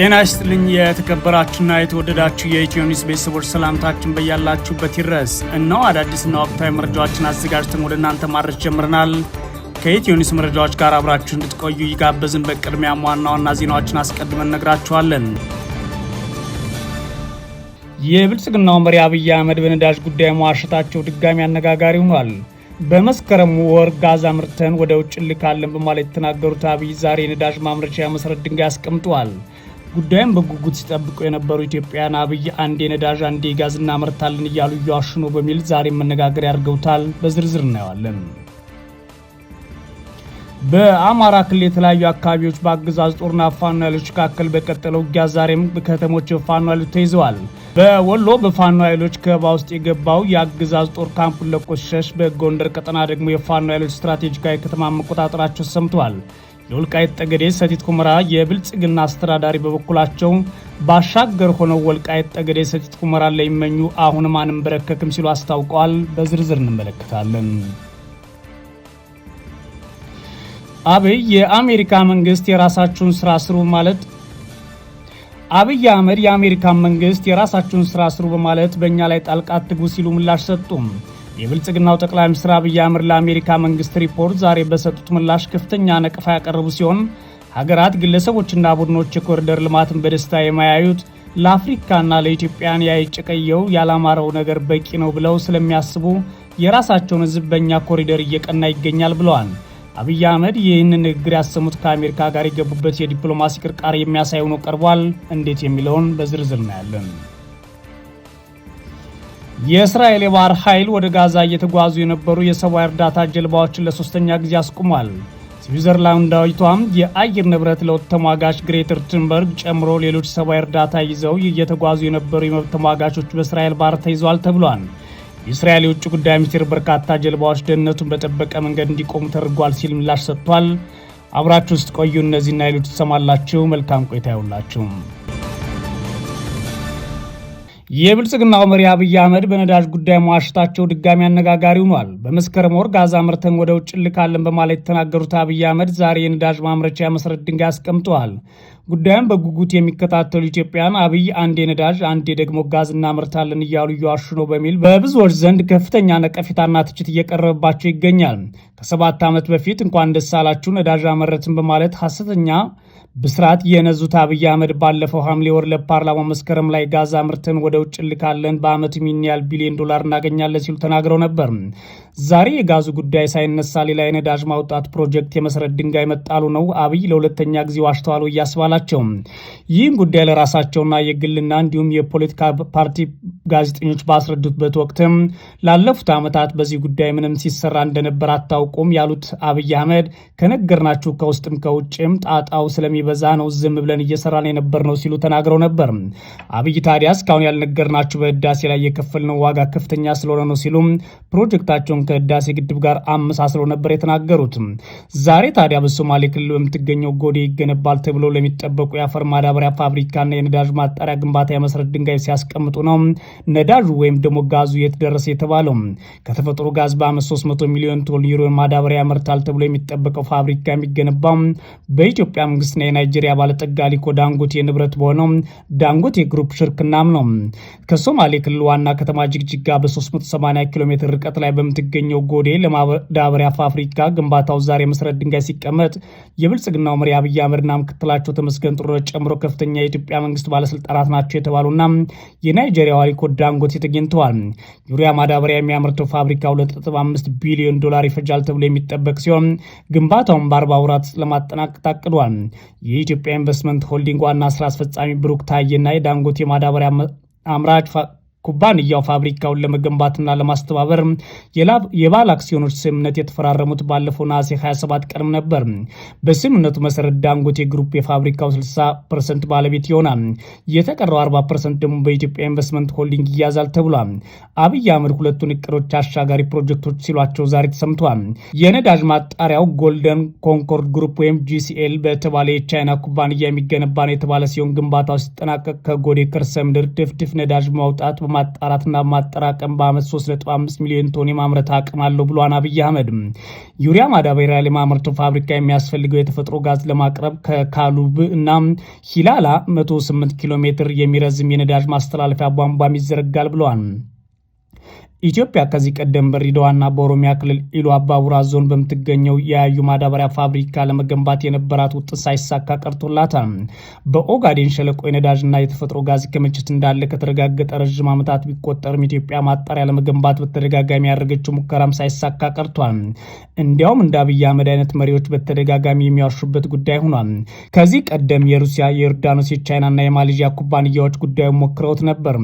ጤና ይስጥልኝ የተከበራችሁና የተወደዳችሁ የኢትዮ ኒውስ ቤተሰቦች ሰላምታችን በያላችሁበት ይድረስ። እነሆ አዳዲስና ወቅታዊ መረጃዎችን አዘጋጅተን ወደ እናንተ ማድረስ ጀምረናል። ከኢትዮ ኒውስ መረጃዎች ጋር አብራችሁ እንድትቆዩ ይጋበዝን። በቅድሚያም ዋና ዋና ዜናዎችን አስቀድመን እነግራችኋለን። የብልጽግናው መሪ አብይ አህመድ በነዳጅ ጉዳይ መዋሸታቸው ድጋሚ አነጋጋሪ ሆኗል። በመስከረም ወር ጋዝ አምርተን ወደ ውጭ እንልካለን በማለት የተናገሩት አብይ ዛሬ የነዳጅ ማምረቻ መሰረት ድንጋይ አስቀምጠዋል። ጉዳይም በጉጉት ሲጠብቁ የነበሩ ኢትዮጵያውያን አብይ አንዴ ነዳጅ አንዴ ጋዝ እናመርታለን እያሉ እያዋሹ ነው በሚል ዛሬ መነጋገር ያደርገውታል። በዝርዝር እናየዋለን። በአማራ ክልል የተለያዩ አካባቢዎች በአገዛዝ ጦርና ፋኖ ኃይሎች መካከል በቀጠለው ውጊያ ዛሬም ከተሞች በፋኖ ኃይሎች ተይዘዋል። በወሎ በፋኖ ኃይሎች ከበባ ውስጥ የገባው የአገዛዝ ጦር ካምፑን ለቆ ሲሸሽ፣ በጎንደር ቀጠና ደግሞ የፋኖ ኃይሎች ስትራቴጂካዊ ከተማ መቆጣጠራቸው ሰምተዋል። የወልቃይት ጠገዴ ሰቲት ሁመራ የብልጽግና አስተዳዳሪ በበኩላቸው ባሻገር ሆነው ወልቃይት ጠገዴ ሰቲት ሁመራን ለሚመኙ አሁንም አንንበረከክም ሲሉ አስታውቀዋል። በዝርዝር እንመለከታለን። አብይ የአሜሪካ መንግስት የራሳችሁን ስራ ስሩ ማለት አብይ አህመድ የአሜሪካን መንግስት የራሳችሁን ስራ ስሩ በማለት በእኛ ላይ ጣልቃ አትግቡ ሲሉ ምላሽ ሰጡም። የብልጽግናው ጠቅላይ ሚኒስትር አብይ አህመድ ለአሜሪካ መንግስት ሪፖርት ዛሬ በሰጡት ምላሽ ከፍተኛ ነቀፋ ያቀረቡ ሲሆን ሀገራት፣ ግለሰቦችና ቡድኖች የኮሪደር ልማትን በደስታ የማያዩት ለአፍሪካና ለኢትዮጵያን ያይጨቀየው ያላማረው ነገር በቂ ነው ብለው ስለሚያስቡ የራሳቸውን ሕዝብ በእኛ ኮሪደር እየቀና ይገኛል ብለዋል። አብይ አህመድ ይህንን ንግግር ያሰሙት ከአሜሪካ ጋር የገቡበት የዲፕሎማሲ ቅርቃር የሚያሳይ ሆኖ ቀርቧል። እንዴት የሚለውን በዝርዝር እናያለን። የእስራኤል የባህር ኃይል ወደ ጋዛ እየተጓዙ የነበሩ የሰብአዊ እርዳታ ጀልባዎችን ለሶስተኛ ጊዜ አስቁሟል። ስዊዘርላንዳዊቷም የአየር ንብረት ለውጥ ተሟጋች ግሬተር ትንበርግ ጨምሮ ሌሎች ሰብአዊ እርዳታ ይዘው እየተጓዙ የነበሩ የመብት ተሟጋቾች በእስራኤል ባህር ተይዘዋል ተብሏል። የእስራኤል የውጭ ጉዳይ ሚኒስቴር በርካታ ጀልባዎች ደህንነቱን በጠበቀ መንገድ እንዲቆሙ ተደርጓል ሲል ምላሽ ሰጥቷል። አብራችሁ ውስጥ ቆዩ። እነዚህና ሌሎች ትሰማላችሁ። መልካም ቆይታ ይሁንላችሁ። የብልጽግናው መሪ አብይ አህመድ በነዳጅ ጉዳይ መዋሸታቸው ድጋሚ አነጋጋሪ ሆኗል። በመስከረም ወር ጋዛ ምርተን ወደ ውጭ እልካለን በማለት የተናገሩት አብይ አህመድ ዛሬ የነዳጅ ማምረቻ መሰረት ድንጋይ አስቀምጠዋል። ጉዳዩን በጉጉት የሚከታተሉ ኢትዮጵያን አብይ አንዴ ነዳጅ አንዴ ደግሞ ጋዝ እናመርታለን እያሉ እየዋሹ ነው በሚል በብዙዎች ዘንድ ከፍተኛ ነቀፌታና ትችት እየቀረበባቸው ይገኛል። ከሰባት ዓመት በፊት እንኳን ደስ አላችሁ ነዳጅ አመረትን በማለት ሐሰተኛ ብስራት የነዙት አብይ አህመድ ባለፈው ሐምሌ ወር ለፓርላማ መስከረም ላይ ጋዝ አምርተን ወደ ውጭ ልካለን በአመት ሚኒያል ቢሊዮን ዶላር እናገኛለን ሲሉ ተናግረው ነበር። ዛሬ የጋዙ ጉዳይ ሳይነሳ ሌላ የነዳጅ ማውጣት ፕሮጀክት የመሰረት ድንጋይ መጣሉ ነው አብይ ለሁለተኛ ጊዜ ዋሽተዋል እያስባላቸው። ይህን ጉዳይ ለራሳቸውና የግልና እንዲሁም የፖለቲካ ፓርቲ ጋዜጠኞች ባስረዱበት ወቅትም ላለፉት ዓመታት በዚህ ጉዳይ ምንም ሲሰራ እንደነበር አታውቁም ያሉት አብይ አህመድ ከነገርናችሁ ከውስጥም ከውጭም ጣጣው ስለሚበዛ ነው ዝም ብለን እየሰራን የነበር ነው ሲሉ ተናግረው ነበር። አብይ ታዲያ እስካሁን ያልነገርናችሁ በህዳሴ ላይ የከፈልነው ዋጋ ከፍተኛ ስለሆነ ነው ሲሉም ፕሮጀክታቸውን ከህዳሴ ግድብ ጋር አመሳስለው ነበር የተናገሩት። ዛሬ ታዲያ በሶማሌ ክልል በምትገኘው ጎዴ ይገነባል ተብሎ ለሚጠበቁ የአፈር ማዳበሪያ ፋብሪካና የነዳጅ ማጣሪያ ግንባታ የመሰረት ድንጋይ ሲያስቀምጡ ነው ነዳጁ ወይም ደግሞ ጋዙ የተደረሰ የተባለው። ከተፈጥሮ ጋዝ በአመት 300 ሚሊዮን ቶን ዩሮ ማዳበሪያ ያመርታል ተብሎ የሚጠበቀው ፋብሪካ የሚገነባው በኢትዮጵያ መንግስትና የናይጄሪያ ባለጠጋ ሊኮ ዳንጎቴ ንብረት በሆነው ዳንጎቴ ግሩፕ ሽርክናም ነው። ከሶማሌ ክልል ዋና ከተማ ጅግጅጋ በ380 ኪሎ ሜትር ርቀት ላይ በምትገ የሚገኘው ጎዴ ለማዳበሪያ ፋብሪካ ግንባታው ዛሬ መሰረት ድንጋይ ሲቀመጥ የብልጽግናው መሪ አብይ አህመድና ምክትላቸው ተመስገን ጥሩነህን ጨምሮ ከፍተኛ የኢትዮጵያ መንግስት ባለስልጣናት ናቸው የተባሉና የናይጄሪያው አሊኮ ዳንጎቴ ተገኝተዋል። ዩሪያ ማዳበሪያ የሚያመርተው ፋብሪካ 2.5 ቢሊዮን ዶላር ይፈጃል ተብሎ የሚጠበቅ ሲሆን ግንባታውን በአርባ ወራት ለማጠናቀቅ ታቅዷል። የኢትዮጵያ ኢንቨስትመንት ሆልዲንግ ዋና ስራ አስፈጻሚ ብሩክ ታዬና የዳንጎቴ ማዳበሪያ አምራች ኩባንያው ፋብሪካውን ለመገንባትና ለማስተባበር የባለ አክሲዮኖች ስምምነት የተፈራረሙት ባለፈው ነሐሴ 27 ቀንም ነበር። በስምምነቱ መሰረት ዳንጎቴ ግሩፕ የፋብሪካው 60 ፐርሰንት ባለቤት ይሆናል። የተቀረው 40 ፐርሰንት ደግሞ በኢትዮጵያ ኢንቨስትመንት ሆልዲንግ ይያዛል ተብሏል። አብይ አህመድ ሁለቱን እቅዶች አሻጋሪ ፕሮጀክቶች ሲሏቸው ዛሬ ተሰምተዋል። የነዳጅ ማጣሪያው ጎልደን ኮንኮርድ ግሩፕ ወይም ጂሲኤል በተባለ የቻይና ኩባንያ የሚገነባ ነው የተባለ ሲሆን ግንባታው ሲጠናቀቅ ከጎዴ ከርሰ ምድር ድፍድፍ ነዳጅ ማውጣት ማጣራትና ማጠራቀም በአመት 35 ሚሊዮን ቶን የማምረት አቅም አለው ብሏን አብይ አህመድ። ዩሪያ ማዳበሪያ ለማምረቱ ፋብሪካ የሚያስፈልገው የተፈጥሮ ጋዝ ለማቅረብ ከካሉብ እና ሂላላ 108 ኪሎ ሜትር የሚረዝም የነዳጅ ማስተላለፊያ ቧንቧም ይዘረጋል ብለዋል። ኢትዮጵያ ከዚህ ቀደም በድሬዳዋና በኦሮሚያ ክልል ኢሉ አባቡራ ዞን በምትገኘው የያዩ ማዳበሪያ ፋብሪካ ለመገንባት የነበራት ውጥን ሳይሳካ ቀርቶላታል። በኦጋዴን ሸለቆ የነዳጅና የተፈጥሮ ጋዝ ክምችት እንዳለ ከተረጋገጠ ረዥም ዓመታት ቢቆጠርም ኢትዮጵያ ማጣሪያ ለመገንባት በተደጋጋሚ ያደረገችው ሙከራም ሳይሳካ ቀርቷል። እንዲያውም እንደ አብይ አህመድ አይነት መሪዎች በተደጋጋሚ የሚያዋሹበት ጉዳይ ሆኗል። ከዚህ ቀደም የሩሲያ፣ የዮርዳኖስ፣ የቻይናና የማሌዥያ ኩባንያዎች ጉዳዩን ሞክረውት ነበር።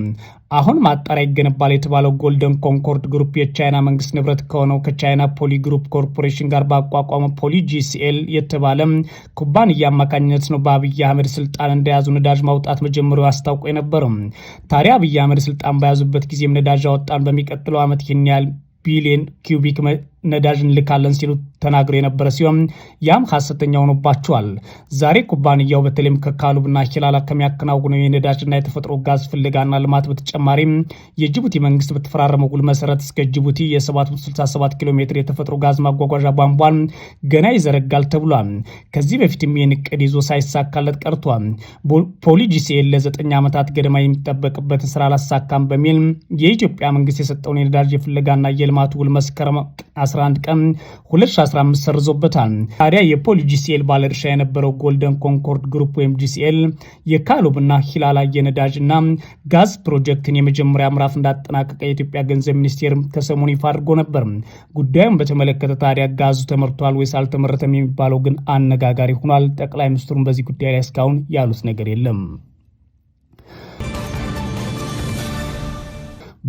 አሁን ማጣሪያ ይገነባል የተባለው ጎልደን ኮንኮርድ ግሩፕ የቻይና መንግስት ንብረት ከሆነው ከቻይና ፖሊ ግሩፕ ኮርፖሬሽን ጋር ባቋቋመ ፖሊ ጂሲኤል የተባለ ኩባንያ አማካኝነት ነው በአብይ አህመድ ስልጣን እንደያዙ ነዳጅ ማውጣት መጀመሩ አስታውቆ የነበረው። ታዲያ አብይ አህመድ ስልጣን በያዙበት ጊዜም ነዳጅ አወጣን፣ በሚቀጥለው ዓመት ይህን ያህል ቢሊዮን ኪዩቢክ ነዳጅ እንልካለን ሲሉ ተናግሮ የነበረ ሲሆን ያም ሀሰተኛ ሆኖባቸዋል። ዛሬ ኩባንያው በተለይም ከካሉብና ኪላላ ከሚያከናውነው የነዳጅና የተፈጥሮ ጋዝ ፍለጋና ልማት በተጨማሪም የጅቡቲ መንግስት በተፈራረመ ውል መሰረት እስከ ጅቡቲ የ767 ኪሎ ሜትር የተፈጥሮ ጋዝ ማጓጓዣ ቧንቧን ገና ይዘረጋል ተብሏል። ከዚህ በፊትም ይህን እቅድ ይዞ ሳይሳካለት ቀርቷል። ፖሊጂሲኤል ለዘጠኝ ዓመታት ገደማ የሚጠበቅበትን ስራ አላሳካም በሚል የኢትዮጵያ መንግስት የሰጠውን የነዳጅ የፍለጋና የልማት ውል መስከረም 11 ቀን 2015 ሰርዞበታል። ታዲያ የፖሊ ጂሲኤል ባለድርሻ የነበረው ጎልደን ኮንኮርድ ግሩፕ ወይም ጂሲኤል የካሉብና ሂላላ እና ጋዝ ፕሮጀክትን የመጀመሪያ ምዕራፍ እንዳጠናቀቀ የኢትዮጵያ ገንዘብ ሚኒስቴር ከሰሞኑ ይፋ አድርጎ ነበር። ጉዳዩን በተመለከተ ታዲያ ጋዙ ተመርቷል ወይስ አልተመረተም የሚባለው ግን አነጋጋሪ ሆኗል። ጠቅላይ ሚኒስትሩን በዚህ ጉዳይ ላይ እስካሁን ያሉት ነገር የለም።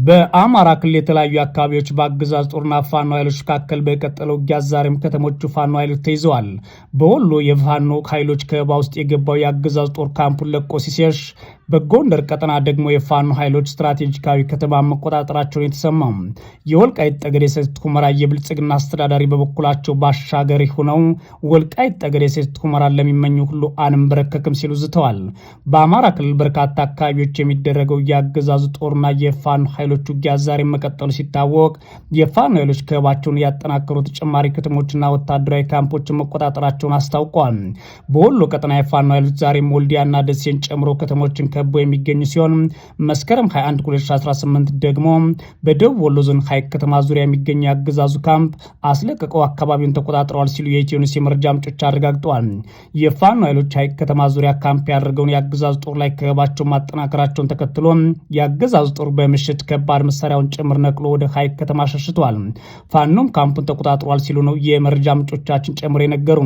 በአማራ ክልል የተለያዩ አካባቢዎች በአገዛዝ ጦርና ፋኖ ኃይሎች መካከል በቀጠለው ውጊያ ዛሬም ከተሞቹ ፋኖ ኃይሎች ተይዘዋል። በወሎ የፋኖ ኃይሎች ከበባ ውስጥ የገባው የአገዛዝ ጦር ካምፑን ለቆ ሲሸሽ በጎንደር ቀጠና ደግሞ የፋኖ ኃይሎች ስትራቴጂካዊ ከተማ መቆጣጠራቸውን የተሰማው የወልቃይት ጠገዴ ሰቲት ሁመራ የብልጽግና አስተዳዳሪ በበኩላቸው ባሻገር ሆነው ወልቃይት ጠገዴ ሰቲት ሁመራን ለሚመኙ ሁሉ አንንበረከክም ሲሉ ዝተዋል። በአማራ ክልል በርካታ አካባቢዎች የሚደረገው የአገዛዙ ጦርና የፋኖ ኃይሎች ውጊያ ዛሬ መቀጠሉ ሲታወቅ የፋኖ ኃይሎች ከበባቸውን ያጠናከሩ ተጨማሪ ከተሞችና ወታደራዊ ካምፖችን መቆጣጠራቸውን አስታውቋል። በወሎ ቀጠና የፋኖ ኃይሎች ዛሬም ወልዲያና ደሴን ጨምሮ ከተሞችን ከቦ የሚገኙ ሲሆን መስከረም 21 2018 ደግሞ በደቡብ ወሎ ዞን ሀይቅ ከተማ ዙሪያ የሚገኙ የአገዛዙ ካምፕ አስለቅቀው አካባቢውን ተቆጣጥረዋል ሲሉ የኢትዮኒስ የመረጃ ምንጮች አረጋግጠዋል። የፋኖ ኃይሎች ሀይቅ ከተማ ዙሪያ ካምፕ ያደርገውን የአገዛዙ ጦር ላይ ከበባቸውን ማጠናከራቸውን ተከትሎ የአገዛዙ ጦር በምሽት ከባድ መሳሪያውን ጭምር ነቅሎ ወደ ሀይቅ ከተማ ሸሽተዋል። ፋኖም ካምፑን ተቆጣጥሯል ሲሉ ነው የመረጃ ምንጮቻችን ጨምሮ የነገሩ።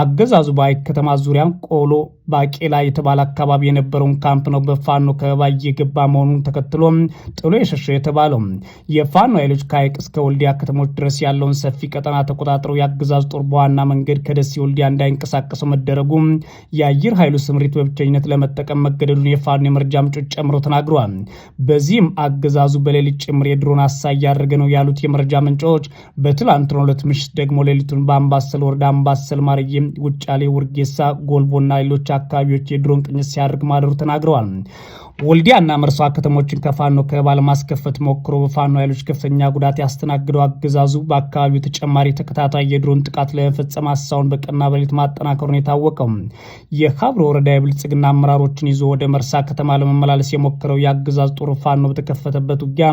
አገዛዙ በሀይቅ ከተማ ዙሪያ ቆሎ ባቄላ የተባለ አካባቢ የነበረውን ካምፕ ካምፕ ነው በፋኖ ከበባ እየገባ መሆኑን ተከትሎ ጥሎ የሸሸ የተባለው የፋኖ ኃይሎች ከሀይቅ እስከ ወልዲያ ከተሞች ድረስ ያለውን ሰፊ ቀጠና ተቆጣጥረው የአገዛዝ ጦር በዋና መንገድ ከደሴ ወልዲያ እንዳይንቀሳቀሰው መደረጉ የአየር ኃይሉ ስምሪት በብቸኝነት ለመጠቀም መገደዱን የፋኖ የመረጃ ምንጮች ጨምሮ ተናግረዋል። በዚህም አገዛዙ በሌሊት ጭምር የድሮን አሳይ እያደረገ ነው ያሉት የመረጃ ምንጮች በትላንትናው ዕለት ምሽት ደግሞ ሌሊቱን በአምባሰል ወረዳ አምባሰል ማርዬ፣ ውጫሌ፣ ውርጌሳ፣ ጎልቦና ሌሎች አካባቢዎች የድሮን ቅኝት ሲያደርግ ማደሩ ተናግረዋል። One. ወልዲያና መርሷ ከተሞችን ከፋኖ ከበባ ለማስከፈት ሞክሮ በፋኖ ኃይሎች ከፍተኛ ጉዳት ያስተናግደው አገዛዙ በአካባቢው ተጨማሪ ተከታታይ የድሮን ጥቃት ለመፈጸም ሀሳቡን በቀና በሌት ማጠናከሩን የታወቀው የሀብሮ ወረዳ የብልጽግና አመራሮችን ይዞ ወደ መርሳ ከተማ ለመመላለስ የሞከረው የአገዛዝ ጦር ፋኖ በተከፈተበት ውጊያ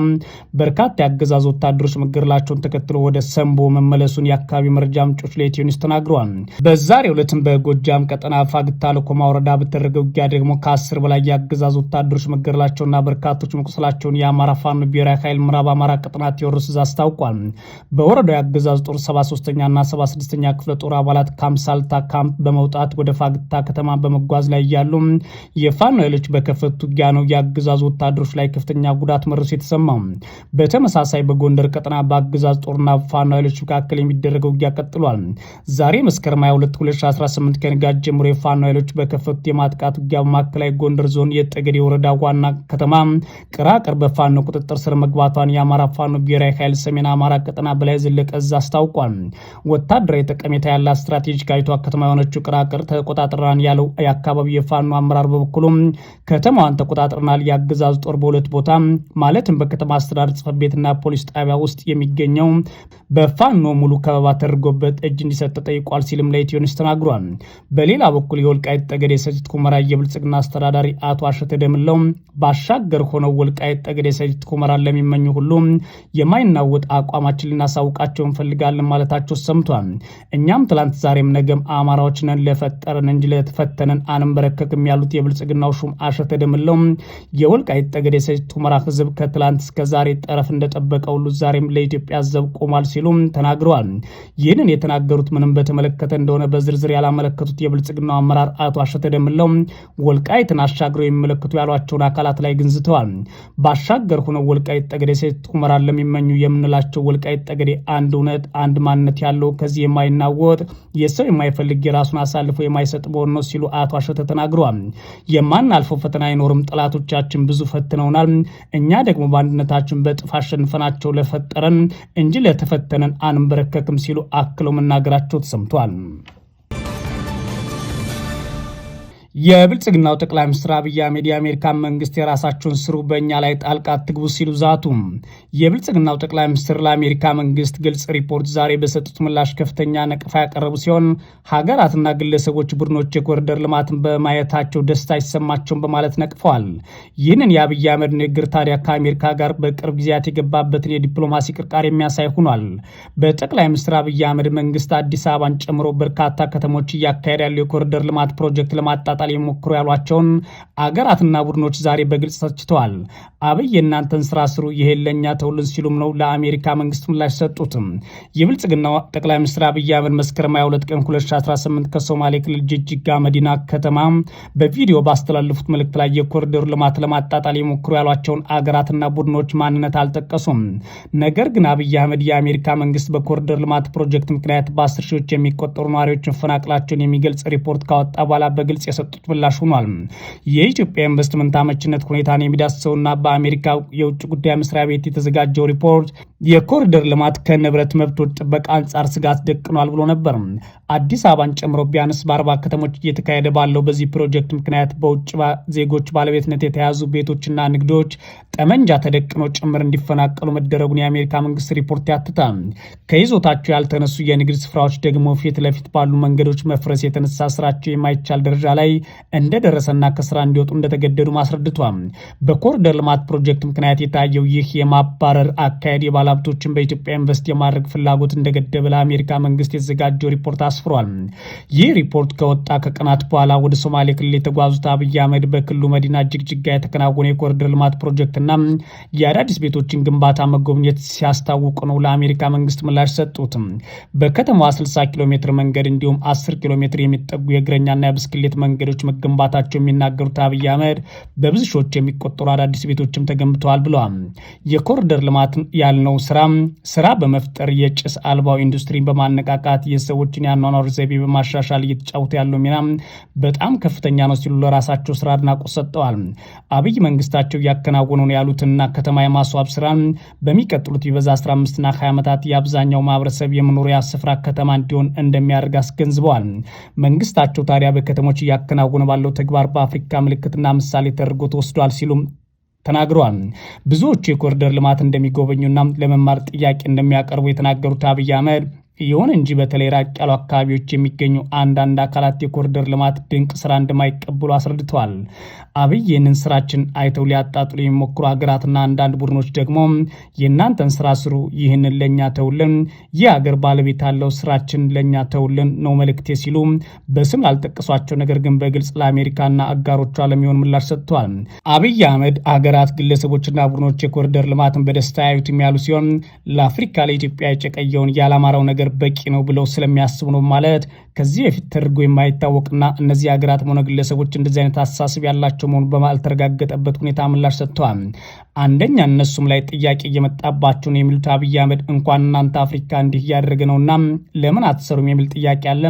በርካታ የአገዛዝ ወታደሮች መገደላቸውን ተከትሎ ወደ ሰንቦ መመለሱን የአካባቢው መረጃ ምንጮች ለኢትዮ ኒውስ ተናግረዋል። በዛሬው ዕለትም በጎጃም ቀጠና ፋግታ ለኮማ ወረዳ በተደረገ ውጊያ ደግሞ ከአስር በላይ የአገዛዝ ወታደ ወታደሮች መገደላቸውና በርካቶች መቁሰላቸውን የአማራ ፋኖ ብሔራዊ ኃይል ምዕራብ አማራ ቀጠና ቴዎድሮስ ዕዝ አስታውቋል። በወረዳው የአገዛዝ ጦር 73ኛና 76ኛ ክፍለ ጦር አባላት ካምሳልታ ካምፕ በመውጣት ወደ ፋግታ ከተማ በመጓዝ ላይ እያሉ የፋኖ ኃይሎች በከፈቱ ውጊያ ነው የአገዛዙ ወታደሮች ላይ ከፍተኛ ጉዳት መድረሱ የተሰማው። በተመሳሳይ በጎንደር ቀጠና በአገዛዝ ጦርና ፋኖ ኃይሎች መካከል የሚደረገው ውጊያ ቀጥሏል። ዛሬ መስከረም 22 2018 ከንጋት ጀምሮ የፋኖ ኃይሎች በከፈቱት የማጥቃት ውጊያ በማዕከላዊ ጎንደር ዞን የጠገዴ ወረዳ ዋና ከተማ ቅራቅር በፋኖ ቁጥጥር ስር መግባቷን የአማራ ፋኖ ብሔራዊ ኃይል ሰሜን አማራ ቀጠና በላይ ዝልቅ እዝ አስታውቋል። ወታደራዊ ጠቀሜታ ያላት ስትራቴጂካዊቷ ከተማ የሆነችው ቅራቅር ተቆጣጥረናል ያለው የአካባቢው የፋኖ አመራር በበኩሉም ከተማዋን ተቆጣጥረናል የአገዛዙ ጦር በሁለት ቦታ ማለትም በከተማ አስተዳደር ጽፈት ቤትና ፖሊስ ጣቢያ ውስጥ የሚገኘው በፋኖ ሙሉ ከበባ ተደርጎበት እጅ እንዲሰጥ ተጠይቋል ሲልም ለኢትዮ ኒውስ ተናግሯል። በሌላ በኩል የወልቃይት ጠገዴ ሰቲት ሁመራ የብልጽግና አስተዳዳሪ አቶ አሸተ ደምለው ያለው ባሻገር ሆነው ወልቃይት ጠገዴ፣ ሰቲት ሁመራን ለሚመኙ ሁሉ የማይናወጥ አቋማችን ልናሳውቃቸው እንፈልጋለን ማለታቸው ሰምቷል። እኛም ትላንት ዛሬም ነገም አማራዎች ነን ለፈጠረን እንጂ ለተፈተነን አንንበረከክም ያሉት የብልጽግናው ሹም አሸተ ደምለው የወልቃይት ጠገዴ ሰቲት ሁመራ ህዝብ ከትላንት እስከ ዛሬ ጠረፍ እንደጠበቀ ሁሉ ዛሬም ለኢትዮጵያ ዘብ ቆሟል ሲሉ ተናግረዋል። ይህንን የተናገሩት ምንም በተመለከተ እንደሆነ በዝርዝር ያላመለከቱት የብልጽግናው አመራር አቶ አሸተ ደምለው ወልቃይትን አሻግረው የሚመለከቱ ያሏቸው ያላቸውን አካላት ላይ ግንዝተዋል። ባሻገር ሆነው ወልቃይት ጠገዴ ሴት ሁመራን ለሚመኙ የምንላቸው ወልቃይት ጠገዴ አንድ እውነት፣ አንድ ማንነት ያለው ከዚህ የማይናወጥ የሰው የማይፈልግ የራሱን አሳልፎ የማይሰጥ በሆነ ነው ሲሉ አቶ አሸተ ተናግረዋል። የማናልፈው ፈተና አይኖርም። ጠላቶቻችን ብዙ ፈትነውናል። እኛ ደግሞ በአንድነታችን በጥፍ አሸንፈናቸው ለፈጠረን እንጂ ለተፈተነን አንበረከክም ሲሉ አክለው መናገራቸው ተሰምቷል። የብልጽግናው ጠቅላይ ሚኒስትር አብይ አህመድ የአሜሪካን መንግስት የራሳቸውን ስሩ፣ በእኛ ላይ ጣልቃ አትግቡ ሲሉ ዛቱ። የብልጽግናው ጠቅላይ ሚኒስትር ለአሜሪካ መንግስት ግልጽ ሪፖርት ዛሬ በሰጡት ምላሽ ከፍተኛ ነቅፋ ያቀረቡ ሲሆን ሀገራትና ግለሰቦች፣ ቡድኖች የኮሪደር ልማትን በማየታቸው ደስታ አይሰማቸውም በማለት ነቅፈዋል። ይህንን የአብይ አህመድ ንግግር ታዲያ ከአሜሪካ ጋር በቅርብ ጊዜያት የገባበትን የዲፕሎማሲ ቅርቃር የሚያሳይ ሆኗል። በጠቅላይ ሚኒስትር አብይ አህመድ መንግስት አዲስ አበባን ጨምሮ በርካታ ከተሞች ያለው የኮሪደር ልማት ፕሮጀክት ለማጣጣ ለማጣጣል የሚሞክሩ ያሏቸውን አገራትና ቡድኖች ዛሬ በግልጽ ተችተዋል። አብይ የእናንተን ስራ ስሩ፣ ይሄ ለእኛ ተውልን ሲሉም ነው ለአሜሪካ መንግስት ምላሽ ሰጡትም። የብልጽግናው ጠቅላይ ሚኒስትር አብይ አህመድ መስከረም 22 ቀን 2018 ከሶማሌ ክልል ጅጅጋ መዲና ከተማ በቪዲዮ ባስተላለፉት መልእክት ላይ የኮሪደሩ ልማት ለማጣጣል የሞክሩ ያሏቸውን አገራትና ቡድኖች ማንነት አልጠቀሱም። ነገር ግን አብይ አህመድ የአሜሪካ መንግስት በኮሪደር ልማት ፕሮጀክት ምክንያት በአስር ሺዎች የሚቆጠሩ ነዋሪዎች መፈናቅላቸውን የሚገልጽ ሪፖርት ካወጣ በኋላ በግልጽ የሰጡት ምላሽ ሆኗል። የኢትዮጵያ ኢንቨስትመንት አመችነት ሁኔታን የሚዳስሰውና በ በአሜሪካ የውጭ ጉዳይ መስሪያ ቤት የተዘጋጀው ሪፖርት የኮሪደር ልማት ከንብረት መብቶች ጥበቃ አንጻር ስጋት ደቅኗል ብሎ ነበር። አዲስ አበባን ጨምሮ ቢያንስ በአርባ ከተሞች እየተካሄደ ባለው በዚህ ፕሮጀክት ምክንያት በውጭ ዜጎች ባለቤትነት የተያዙ ቤቶችና ንግዶች ጠመንጃ ተደቅኖ ጭምር እንዲፈናቀሉ መደረጉን የአሜሪካ መንግስት ሪፖርት ያትታል። ከይዞታቸው ያልተነሱ የንግድ ስፍራዎች ደግሞ ፊት ለፊት ባሉ መንገዶች መፍረስ የተነሳ ስራቸው የማይቻል ደረጃ ላይ እንደደረሰና ከስራ እንዲወጡ እንደተገደዱ አስረድቷል። በኮሪደር ልማት ፕሮጀክት ምክንያት የታየው ይህ የማባረር አካሄድ የባላ ባለሀብቶችን በኢትዮጵያ ኢንቨስት የማድረግ ፍላጎት እንደገደበ ለአሜሪካ መንግስት የተዘጋጀው ሪፖርት አስፍሯል። ይህ ሪፖርት ከወጣ ከቀናት በኋላ ወደ ሶማሌ ክልል የተጓዙት አብይ አህመድ በክልሉ መዲና ጅግጅጋ የተከናወነ የኮሪደር ልማት ፕሮጀክትና የአዳዲስ ቤቶችን ግንባታ መጎብኘት ሲያስታውቁ ነው ለአሜሪካ መንግስት ምላሽ ሰጡት። በከተማዋ 60 ኪሎ ሜትር መንገድ እንዲሁም 10 ኪሎ ሜትር የሚጠጉ የእግረኛና የብስክሌት መንገዶች መገንባታቸው የሚናገሩት አብይ አህመድ በብዙ ሺዎች የሚቆጠሩ አዳዲስ ቤቶችም ተገንብተዋል ብለዋል። የኮሪደር ልማት ያልነው ስራ ስራ በመፍጠር የጭስ አልባው ኢንዱስትሪን በማነቃቃት የሰዎችን የአኗኗር ዘይቤ በማሻሻል እየተጫወተ ያለው ሚና በጣም ከፍተኛ ነው ሲሉ ለራሳቸው ስራ አድናቆት ሰጥተዋል። አብይ መንግስታቸው እያከናወኑ ነው ያሉትና ከተማ የማስዋብ ስራ በሚቀጥሉት ቢበዛ 15ና 20 ዓመታት የአብዛኛው ማህበረሰብ የመኖሪያ ስፍራ ከተማ እንዲሆን እንደሚያደርግ አስገንዝበዋል። መንግስታቸው ታዲያ በከተሞች እያከናወነ ባለው ተግባር በአፍሪካ ምልክትና ምሳሌ ተደርጎ ተወስዷል ሲሉም ተናግረዋል። ብዙዎቹ የኮሪደር ልማት እንደሚጎበኙና ለመማር ጥያቄ እንደሚያቀርቡ የተናገሩት አብይ አህመድ ይሁን እንጂ በተለይ ራቅ ያሉ አካባቢዎች የሚገኙ አንዳንድ አካላት የኮሪደር ልማት ድንቅ ስራ እንደማይቀበሉ አስረድተዋል። አብይ ይህንን ስራችን አይተው ሊያጣጥሉ የሚሞክሩ ሀገራትና አንዳንድ ቡድኖች ደግሞ የእናንተን ስራ ስሩ፣ ይህንን ለእኛ ተውልን፣ ይህ አገር ባለቤት አለው ስራችን ለእኛ ተውልን ነው መልእክቴ ሲሉ በስም ላልጠቀሷቸው ነገር ግን በግልጽ ለአሜሪካና አጋሮቿ ለሚሆን ምላሽ ሰጥተዋል። አብይ አህመድ ሀገራት ግለሰቦችና ቡድኖች የኮሪደር ልማትን በደስታ ያዩትም ያሉ ሲሆን ለአፍሪካ ለኢትዮጵያ የጨቀየውን ያላማራው ነገር በቂ ነው ብለው ስለሚያስቡ ነው ማለት ከዚህ በፊት ተደርጎ የማይታወቅና እነዚህ ሀገራት መሆነ ግለሰቦች እንደዚህ አይነት አስተሳሰብ ያላቸው መሆኑ በማልተረጋገጠበት ሁኔታ ምላሽ ሰጥተዋል። አንደኛ እነሱም ላይ ጥያቄ እየመጣባቸው ነው የሚሉት አብይ አህመድ እንኳን እናንተ አፍሪካ እንዲህ እያደረገ ነውና ለምን አትሰሩም የሚል ጥያቄ አለ።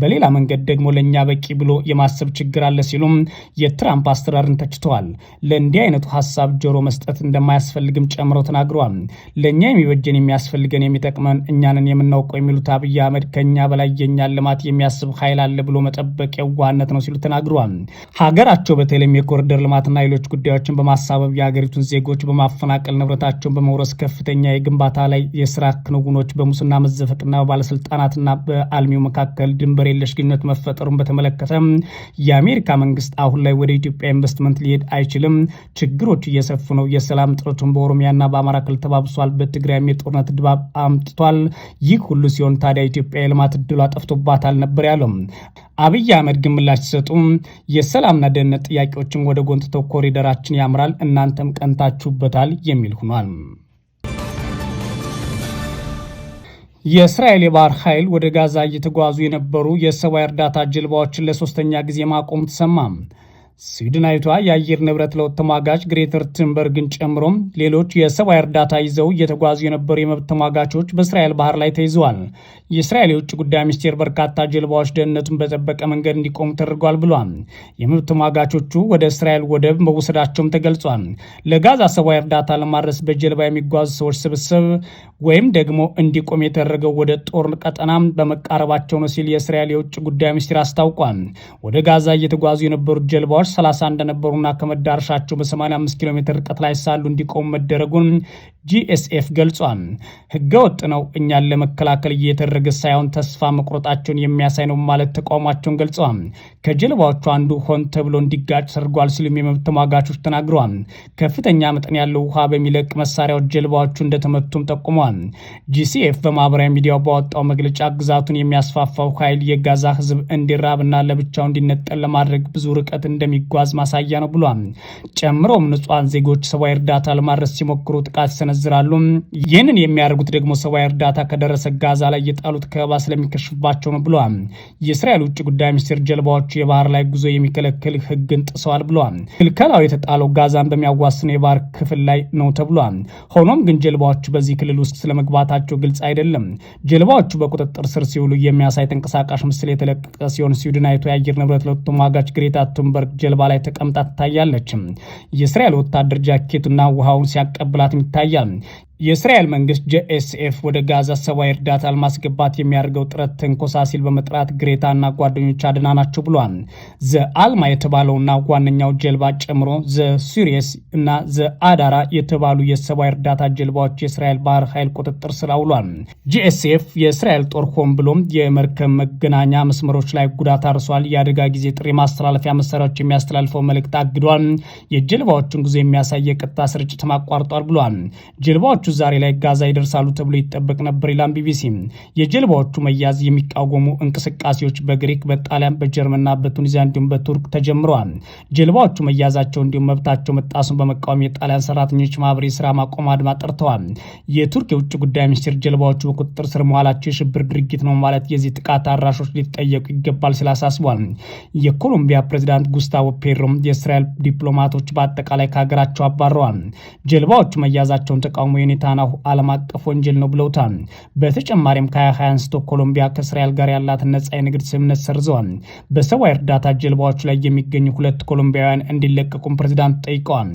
በሌላ መንገድ ደግሞ ለእኛ በቂ ብሎ የማሰብ ችግር አለ ሲሉም የትራምፕ አስተዳደርን ተችተዋል። ለእንዲህ አይነቱ ሀሳብ ጆሮ መስጠት እንደማያስፈልግም ጨምረው ተናግረዋል። ለእኛ የሚበጀን የሚያስፈልገን የሚጠቅመን እኛንን የምናውቅ ጠበቆ የሚሉት አብይ አህመድ ከኛ በላይ የኛን ልማት የሚያስብ ኃይል አለ ብሎ መጠበቅ የዋህነት ነው ሲሉ ተናግረዋል። ሀገራቸው በተለይም የኮሪደር ልማትና ሌሎች ጉዳዮችን በማሳበብ የሀገሪቱን ዜጎች በማፈናቀል ንብረታቸውን በመውረስ ከፍተኛ የግንባታ ላይ የስራ ክንውኖች በሙስና መዘፈቅና በባለስልጣናትና በአልሚው መካከል ድንበር የለሽ ግንኙነት መፈጠሩን በተመለከተ የአሜሪካ መንግስት አሁን ላይ ወደ ኢትዮጵያ ኢንቨስትመንት ሊሄድ አይችልም፣ ችግሮች እየሰፉ ነው፣ የሰላም ጥረቱን በኦሮሚያና በአማራ ክልል ተባብሷል፣ በትግራይም የጦርነት ድባብ አምጥቷል። ይህ ሁሉ ሁሉ ሲሆን ታዲያ ኢትዮጵያ የልማት እድሏ ጠፍቶባታል ነበር ያለው። አብይ አህመድ ግን ምላሽ ሲሰጡ የሰላምና ደህንነት ጥያቄዎችን ወደ ጎን ትተው ኮሪደራችን ያምራል፣ እናንተም ቀንታችሁበታል የሚል ሆኗል። የእስራኤል የባህር ኃይል ወደ ጋዛ እየተጓዙ የነበሩ የሰብአዊ እርዳታ ጀልባዎችን ለሶስተኛ ጊዜ ማቆሙ ተሰማም። ስዊድናዊቷ የአየር ንብረት ለውጥ ተሟጋች ግሬተር ትንበርግን ጨምሮም ሌሎች የሰብአዊ እርዳታ ይዘው እየተጓዙ የነበሩ የመብት ተሟጋቾች በእስራኤል ባህር ላይ ተይዘዋል። የእስራኤል የውጭ ጉዳይ ሚኒስቴር በርካታ ጀልባዎች ደህንነቱን በጠበቀ መንገድ እንዲቆሙ ተደርጓል ብሏል። የመብት ተሟጋቾቹ ወደ እስራኤል ወደብ መወሰዳቸውም ተገልጿል። ለጋዛ ሰብአዊ እርዳታ ለማድረስ በጀልባ የሚጓዙ ሰዎች ስብስብ ወይም ደግሞ እንዲቆም የተደረገው ወደ ጦር ቀጠና በመቃረባቸው ነው ሲል የእስራኤል የውጭ ጉዳይ ሚኒስቴር አስታውቋል። ወደ ጋዛ እየተጓዙ የነበሩት ጀልባዎች 30 እንደነበሩና ከመዳረሻቸው በ85 ኪሎ ሜትር ርቀት ላይ ሳሉ እንዲቆሙ መደረጉን ጂኤስኤፍ ገልጿል። ህገ ወጥ ነው፣ እኛን ለመከላከል እየተደረገ ሳይሆን ተስፋ መቁረጣቸውን የሚያሳይ ነው ማለት ተቃውሟቸውን ገልጸዋል። ከጀልባዎቹ አንዱ ሆን ተብሎ እንዲጋጭ ተደርጓል ሲሉም የመብት ተሟጋቾች ተናግረዋል። ከፍተኛ መጠን ያለው ውሃ በሚለቅ መሳሪያዎች ጀልባዎቹ እንደተመቱም ጠቁመዋል። ጂሲኤፍ በማህበራዊ ሚዲያው ባወጣው መግለጫ ግዛቱን የሚያስፋፋው ኃይል የጋዛ ህዝብ እንዲራብና ለብቻው እንዲነጠል ለማድረግ ብዙ ርቀት እንደሚ እንደሚጓዝ ማሳያ ነው ብሏል። ጨምሮም ንጹሐን ዜጎች ሰብአዊ እርዳታ ለማድረስ ሲሞክሩ ጥቃት ይሰነዝራሉ። ይህንን የሚያደርጉት ደግሞ ሰብአዊ እርዳታ ከደረሰ ጋዛ ላይ የጣሉት ከበባ ስለሚከሽፍባቸው ነው ብሏል። የእስራኤል ውጭ ጉዳይ ሚኒስቴር ጀልባዎቹ የባህር ላይ ጉዞ የሚከለክል ህግን ጥሰዋል ብሏል። ክልከላው የተጣለው ጋዛን በሚያዋስነው የባህር ክፍል ላይ ነው ተብሏል። ሆኖም ግን ጀልባዎቹ በዚህ ክልል ውስጥ ስለመግባታቸው ግልጽ አይደለም። ጀልባዎቹ በቁጥጥር ስር ሲውሉ የሚያሳይ ተንቀሳቃሽ ምስል የተለቀቀ ሲሆን ስዊድናዊቷ የአየር ንብረት ለውጥ ተሟጋች ግሬታ ቱንበርግ ጀልባ ላይ ተቀምጣ ትታያለች። የእስራኤል ወታደር ጃኬቱና ውሃውን ሲያቀብላትም ይታያል። የእስራኤል መንግስት ጄኤስኤፍ ወደ ጋዛ ሰብአዊ እርዳታ ለማስገባት የሚያደርገው ጥረት ትንኮሳ ሲል በመጥራት ግሬታና ጓደኞች አድና ናቸው ብሏል። ዘ አልማ የተባለውና ዋነኛው ጀልባ ጨምሮ ዘ ሱሪየስ እና ዘ አዳራ የተባሉ የሰብአዊ እርዳታ ጀልባዎች የእስራኤል ባህር ኃይል ቁጥጥር ስር አውሏል። ጄኤስኤፍ የእስራኤል ጦር ሆን ብሎም የመርከብ መገናኛ መስመሮች ላይ ጉዳት አርሷል፣ የአደጋ ጊዜ ጥሪ ማስተላለፊያ መሳሪያዎች የሚያስተላልፈው መልእክት አግዷል፣ የጀልባዎቹን ጉዞ የሚያሳይ የቀጥታ ስርጭት ማቋርጧል ብሏል። ጀልባዎቹ ጀልባዎቹ ዛሬ ላይ ጋዛ ይደርሳሉ ተብሎ ይጠበቅ ነበር ይላል ቢቢሲ። የጀልባዎቹ መያዝ የሚቃወሙ እንቅስቃሴዎች በግሪክ፣ በጣሊያን፣ በጀርመንና በቱኒዚያ እንዲሁም በቱርክ ተጀምረዋል። ጀልባዎቹ መያዛቸው እንዲሁም መብታቸው መጣሱን በመቃወም የጣሊያን ሰራተኞች ማህበር የስራ ማቆም አድማ ጠርተዋል። የቱርክ የውጭ ጉዳይ ሚኒስትር ጀልባዎቹ በቁጥጥር ስር መዋላቸው የሽብር ድርጊት ነው ማለት የዚህ ጥቃት አድራሾች ሊጠየቁ ይገባል ሲል አሳስቧል። የኮሎምቢያ ፕሬዚዳንት ጉስታቮ ፔሮም የእስራኤል ዲፕሎማቶች በአጠቃላይ ከሀገራቸው አባረዋል። ጀልባዎቹ መያዛቸውን ተቃውሞ የኔ ኔታንያሁ ዓለም አቀፍ ወንጀል ነው ብለውታል። በተጨማሪም ከ2020 አንስቶ ኮሎምቢያ ከእስራኤል ጋር ያላትን ነጻ የንግድ ስምምነት ሰርዘዋል። በሰብአዊ እርዳታ ጀልባዎች ላይ የሚገኙ ሁለት ኮሎምቢያውያን እንዲለቀቁም ፕሬዚዳንት ጠይቀዋል።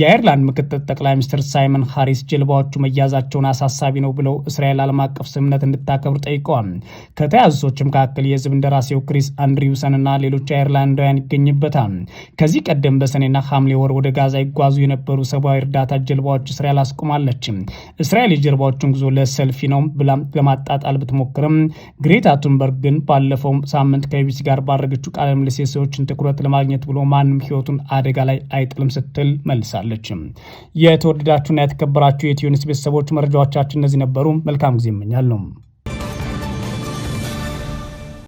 የአይርላንድ ምክትል ጠቅላይ ሚኒስትር ሳይመን ሃሪስ ጀልባዎቹ መያዛቸውን አሳሳቢ ነው ብለው እስራኤል ዓለም አቀፍ ስምምነት እንድታከብር ጠይቀዋል። ከተያዙ ሰዎች መካከል የህዝብ እንደራሴው ክሪስ አንድሪውሰን እና ሌሎች አይርላንዳውያን ይገኝበታል። ከዚህ ቀደም በሰኔና ሐምሌ ወር ወደ ጋዛ ይጓዙ የነበሩ ሰብአዊ እርዳታ ጀልባዎች እስራኤል አስቆማለች። እስራኤል የጀርባዎችን ጉዞ ለሰልፊ ነው ብላ ለማጣጣል ብትሞክርም ግሬታ ቱንበርግ ግን ባለፈው ሳምንት ከቢቢሲ ጋር ባደረገችው ቃለ ምልልስ የሰዎችን ትኩረት ለማግኘት ብሎ ማንም ህይወቱን አደጋ ላይ አይጥልም ስትል መልሳለች። የተወደዳችሁና የተከበራችሁ የኢትዮ ኒውስ ቤተሰቦች መረጃዎቻችን እነዚህ ነበሩ። መልካም ጊዜ እመኛለሁ።